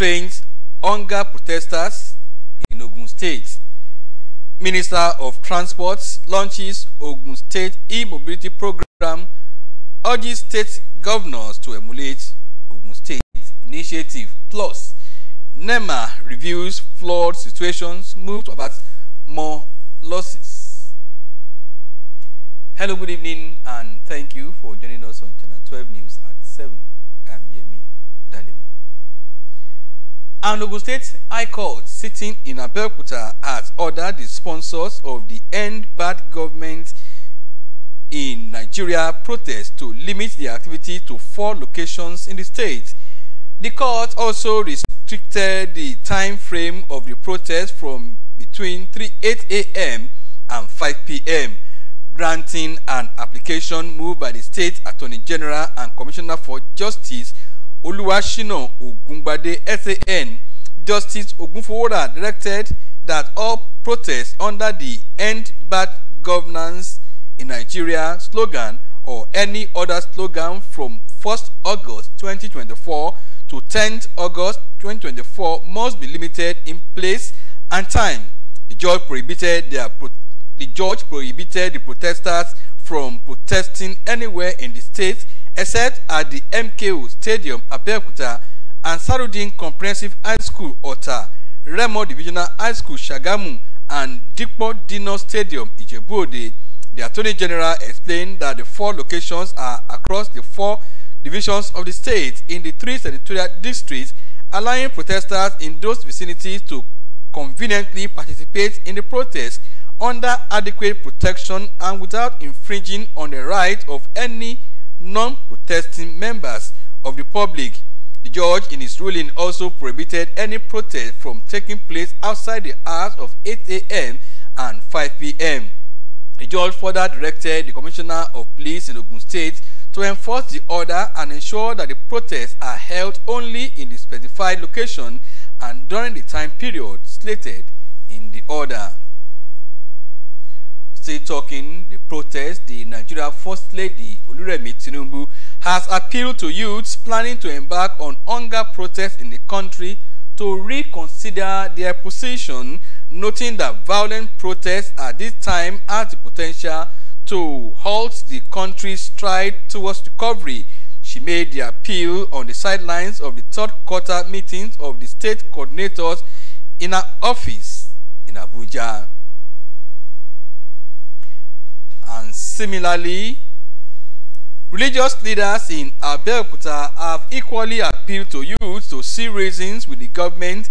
restrains hunger protesters in Ogun State. Minister of Transport launches Ogun State e-mobility program, urges state governors to emulate Ogun State initiative. Plus, NEMA reviews flood situations, move to avert more losses. Hello, good evening, and thank you for joining us on Channel 12 News at 7. An Ogun State High Court sitting in Abeokuta has ordered the sponsors of the End Bad Government in Nigeria protest to limit their activity to four locations in the state. The court also restricted the time frame of the protest from between 3 a.m. and 5 p.m., granting an application moved by the State Attorney General and Commissioner for Justice Oluwashina Ogungbade SAN Justice Ogunfowora directed that all protests under the End Bad Governance in Nigeria slogan or any other slogan from 1st August 2024 to 10th August 2024 must be limited in place and time. The judge prohibited their pro the judge prohibited the protesters from protesting anywhere in the state except at the MKO Stadium, Abeokuta, and Sarudin Comprehensive High School, Ota, Remo Divisional High School, Shagamu, and Dipo Dino Stadium, Ijebuode. The Attorney General explained that the four locations are across the four divisions of the state in the three senatorial districts, allowing protesters in those vicinities to conveniently participate in the protest under adequate protection and without infringing on the right of any non-protesting members of the public. The judge in his ruling also prohibited any protest from taking place outside the hours of 8 a.m. and 5 p.m. The judge further directed the Commissioner of Police in Ogun State to enforce the order and ensure that the protests are held only in the specified location and during the time period slated in the order today talking the protest, the Nigeria First Lady Oluremi Tinubu has appealed to youths planning to embark on hunger protests in the country to reconsider their position, noting that violent protests at this time have the potential to halt the country's stride towards recovery. She made the appeal on the sidelines of the third quarter meetings of the state coordinators in her office in Abuja. Similarly, religious leaders in Abeokuta have equally appealed to youth to see reasons with the government,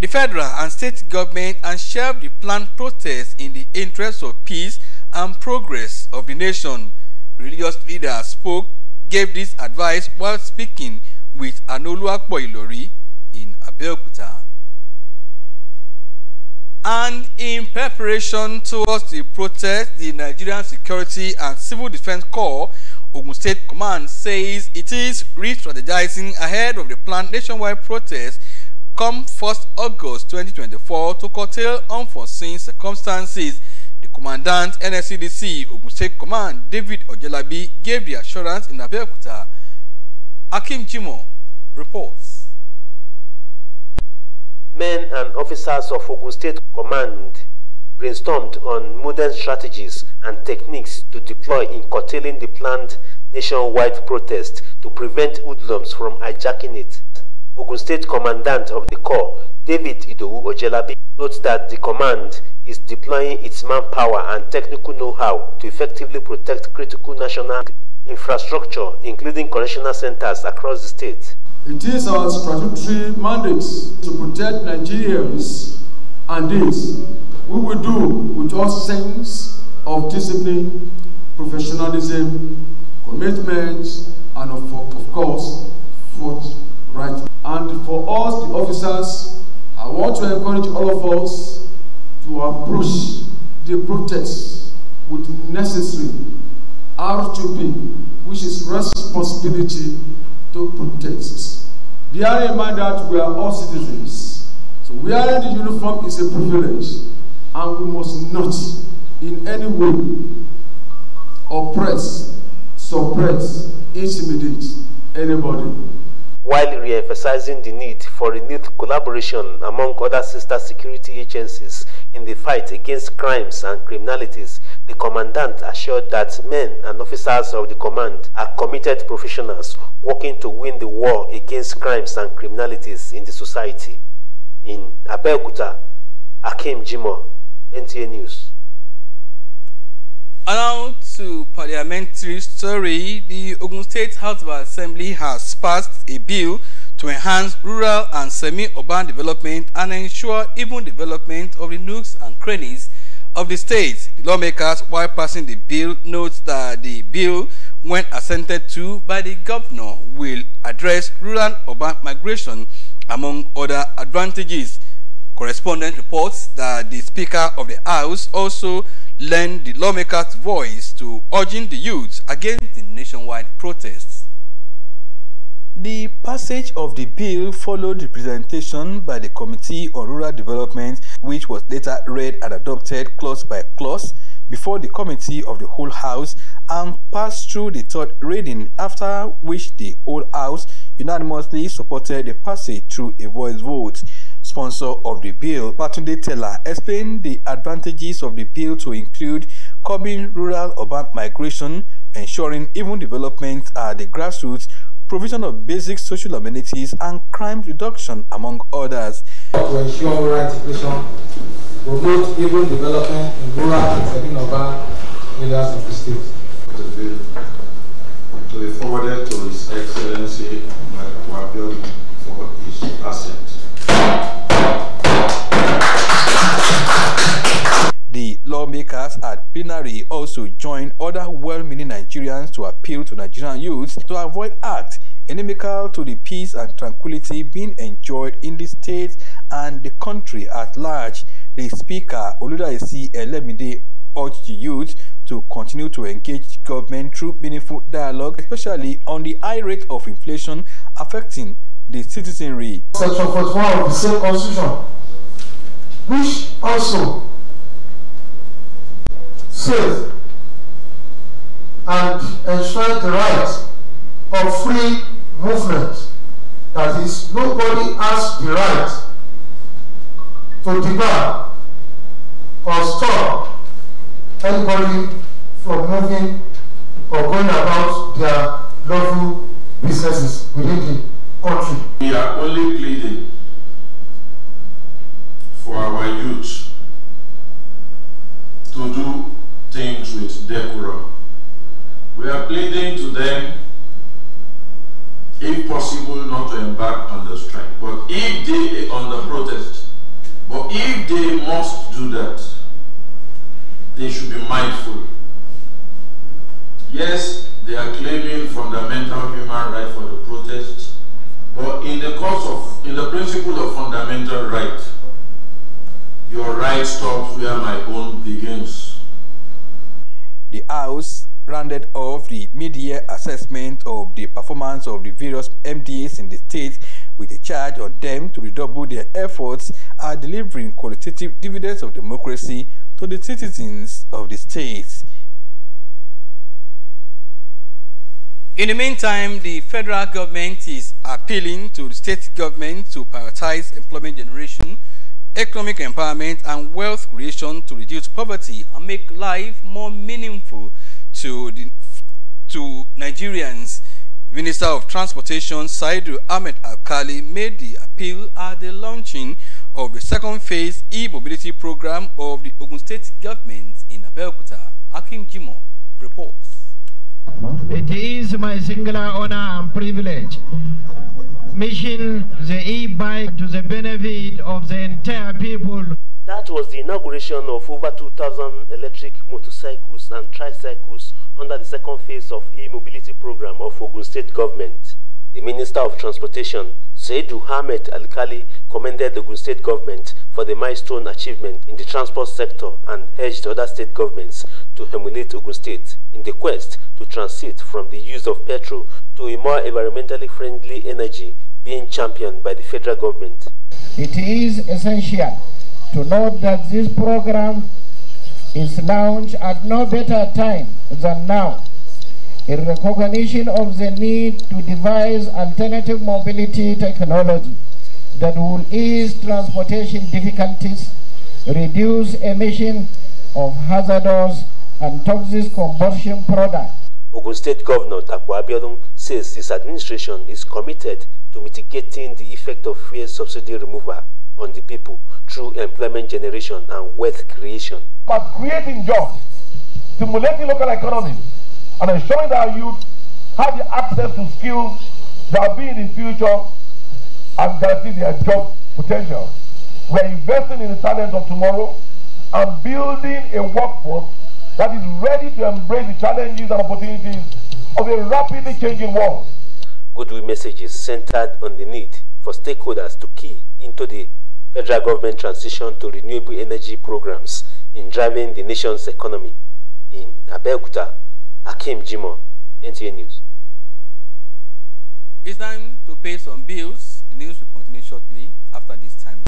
the federal and state government, and shelve the planned protests in the interest of peace and progress of the nation. Religious leaders spoke, gave this advice while speaking with Anoluwapo Ilori in Abeokuta and in preparation towards the protest, the Nigerian Security and Civil Defence Corps, Ogun State Command says it is re-strategizing ahead of the planned nationwide protest come 1st August 2024 to curtail unforeseen circumstances. The Commandant NSCDC Ogun State Command David Ojelabi gave the assurance in Abeokuta. Akim Jimo reports. men and officers of Ogun State Command brainstormed on modern strategies and techniques to deploy in curtailing the planned nationwide protest to prevent hoodlums from hijacking it. Ogun State Commandant of the Corps, David Idowu Ojelabi, notes that the command is deploying its manpower and technical know-how to effectively protect critical national infrastructure, including correctional centers across the state. It is our statutory mandate to protect Nigerians, and this we will do with all sense of discipline, professionalism, commitment, and of, of course, forthright. And for us, the officers, I want to encourage all of us to approach the protest with necessary R2P, which is responsibility to protect. Bear in mind that we are all citizens. So wearing the uniform is a privilege and we must not in any way oppress, suppress, intimidate anybody. While re-emphasizing the need for renewed collaboration among other sister security agencies in the fight against crimes and criminalities, the commandant assured that men and officers of the command are committed professionals working to win the war against crimes and criminalities in the society. In Abeokuta, Akim Jimo, NTA News. And now to parliamentary story. The Ogun State House of Assembly has passed a bill to enhance rural and semi-urban development and ensure even development of the nooks and crannies of the state. The lawmakers, while passing the bill, note that the bill, when assented to by the governor, will address rural and urban migration, among other advantages. Correspondent reports that the Speaker of the House also lent the lawmakers' voice to urging the youth against the nationwide protests. The passage of the bill followed the presentation by the Committee on Rural Development, which was later read and adopted clause by clause before the Committee of the Whole House and passed through the third reading, after which the whole House unanimously supported the passage through a voice vote. Sponsor of the bill, Patunde Teller, explained the advantages of the bill to include curbing rural urban migration, ensuring even development at the grassroots provision of basic social amenities, and crime reduction, among others. To ensure rural education, promote urban development in rural and semi-urban areas of the state. To be forwarded to His Excellency Mike for his passing. other well-meaning Nigerians to appeal to Nigerian youths to avoid acts inimical to the peace and tranquility being enjoyed in the state and the country at large. The Speaker, Oludayisi Elemide, urged the youth to continue to engage government through meaningful dialogue, especially on the high rate of inflation affecting the citizenry. Section 41 of the same constitution, which also says and ensure the right of free movement. That is, nobody has the right to debar or stop anybody from moving or going about their lawful businesses within the country. We are only pleading for our youth to do things with decorum. pleading to them, if possible, not to embark on the strike. But if they, on the protest, but if they must do that, they should be mindful. Yes, they are claiming fundamental human right for the protest, but in the course of, in the principle of fundamental right, your right stops where my own begins. The House rounded off the mid-year assessment of the performance of the various MDAs in the state with a charge on them to redouble their efforts at delivering qualitative dividends of democracy to the citizens of the state. In the meantime, the federal government is appealing to the state government to prioritize employment generation, economic empowerment, and wealth creation to reduce poverty and make life more meaningful to the to Nigerians, Minister of Transportation Saidu Ahmed Alkali, made the appeal at the launching of the second phase e-mobility program of the Ogun State government in Abeokuta. Akim Jimo reports. It is my singular honor and privilege mission the e-bike to the benefit of the entire people. That was the inauguration of over 2,000 electric motorcycles and tricycles under the second phase of e-mobility program of Ogun State Government. The Minister of Transportation, Saidu Hamed Alkali, commended the Ogun State Government for the milestone achievement in the transport sector and urged other state governments to emulate Ogun State in the quest to transit from the use of petrol to a more environmentally friendly energy being championed by the federal government. It is essential to note that this program is launched at no better time than now in recognition of the need to devise alternative mobility technology that will ease transportation difficulties, reduce emission of hazardous and toxic combustion products. Ogun State Governor Takwa Abiodun says his administration is committed to mitigating the effect of fuel subsidy removal on the people through employment generation and wealth creation. By creating jobs, stimulating local economies, and ensuring that our youth have the access to skills that will be in the future and guarantee their job potential. We are investing in the talent of tomorrow and building a workforce that is ready to embrace the challenges and opportunities of a rapidly changing world. Goodwill messages centered on the need for stakeholders to key into the federal government transition to renewable energy programs in driving the nation's economy. In Abeokuta, Hakim Jimo, NTA News. It's time to pay some bills. The news will continue shortly after this time.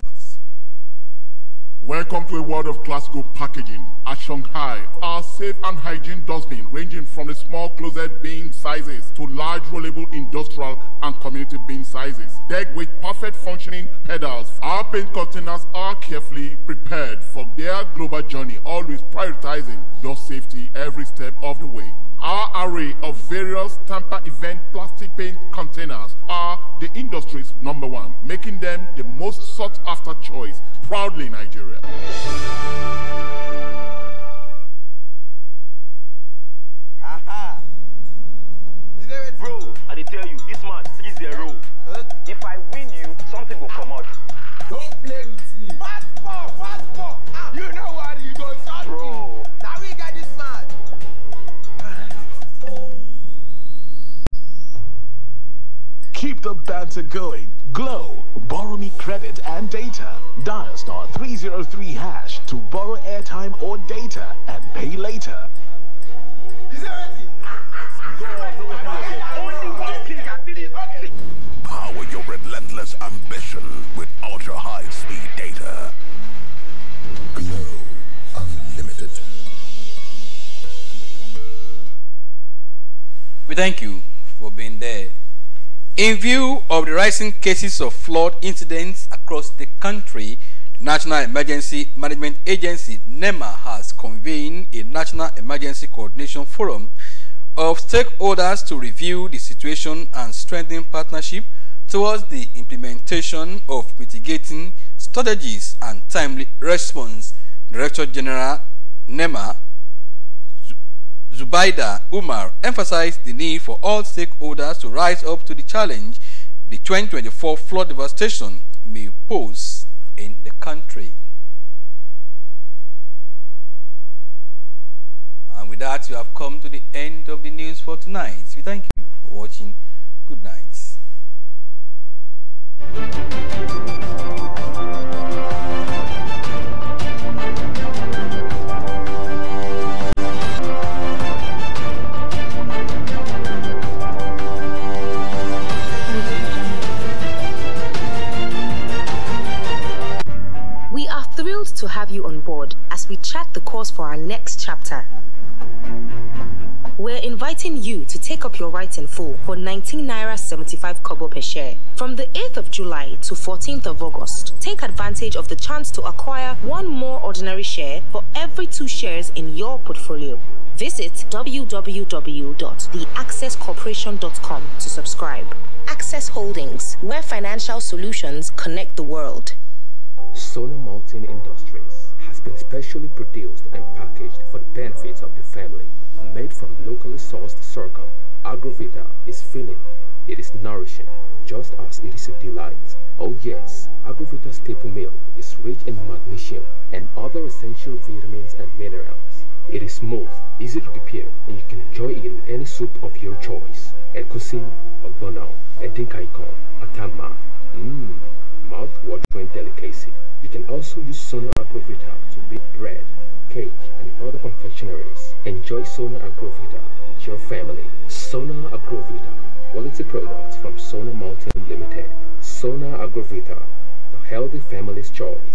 Welcome to a world of classical packaging. At Shanghai, our safe and hygiene dustbin ranging from the small closet bin sizes to large rollable industrial and community bin sizes, decked with perfect functioning pedals. Our paint containers are carefully prepared for their global journey, always prioritizing your safety every step of the way. Our array of various tamper event plastic paint containers are the industry's number one, making them the most sought after choice. Proudly Nigeria. Aha! Bro, I tell you, this match is zero. Huh? If I win you, something will come out. Don't play with me. But ads are going. Glow, borrow me credit and data. Dial star 303 hash to borrow airtime or data and pay later. Power your relentless ambition with ultra-high speed data. Glow Unlimited. We thank you In view of the rising cases of flood incidents across the country, the National Emergency Management Agency NEMA has convened a National Emergency Coordination Forum of stakeholders to review the situation and strengthen partnership towards the implementation of mitigating strategies and timely response. Director General NEMA Zubaida Umar emphasized the need for all stakeholders to rise up to the challenge the 2024 flood devastation may pose in the country. And with that, we have come to the end of the news for tonight. We thank you for watching. Good night. From the 8th of July to 14th of August, take advantage of the chance to acquire one more ordinary share for every two shares in your portfolio. Visit www.theaccesscorporation.com to subscribe. Access Holdings, where financial solutions connect the world. Solar Mountain Industries has been specially produced and packaged for the benefit of the family. Made from locally sourced sorghum, Agrovita is filling, it is nourishing, just as it is a delight. Oh yes, Agrovita staple milk is rich in magnesium and other essential vitamins and minerals. It is smooth, easy to prepare, and you can enjoy it with any soup of your choice. Egusi, ogbono, edinkaikon, atama. Mmm, mouth-watering delicacy. You can also use Sono Agrovita to bake bread, cake, and other confectionaries. Enjoy Sono Agrovita with your family. Sono Agrovita, quality products from Sono Sona Agrovita, The Healthy Family's Choice.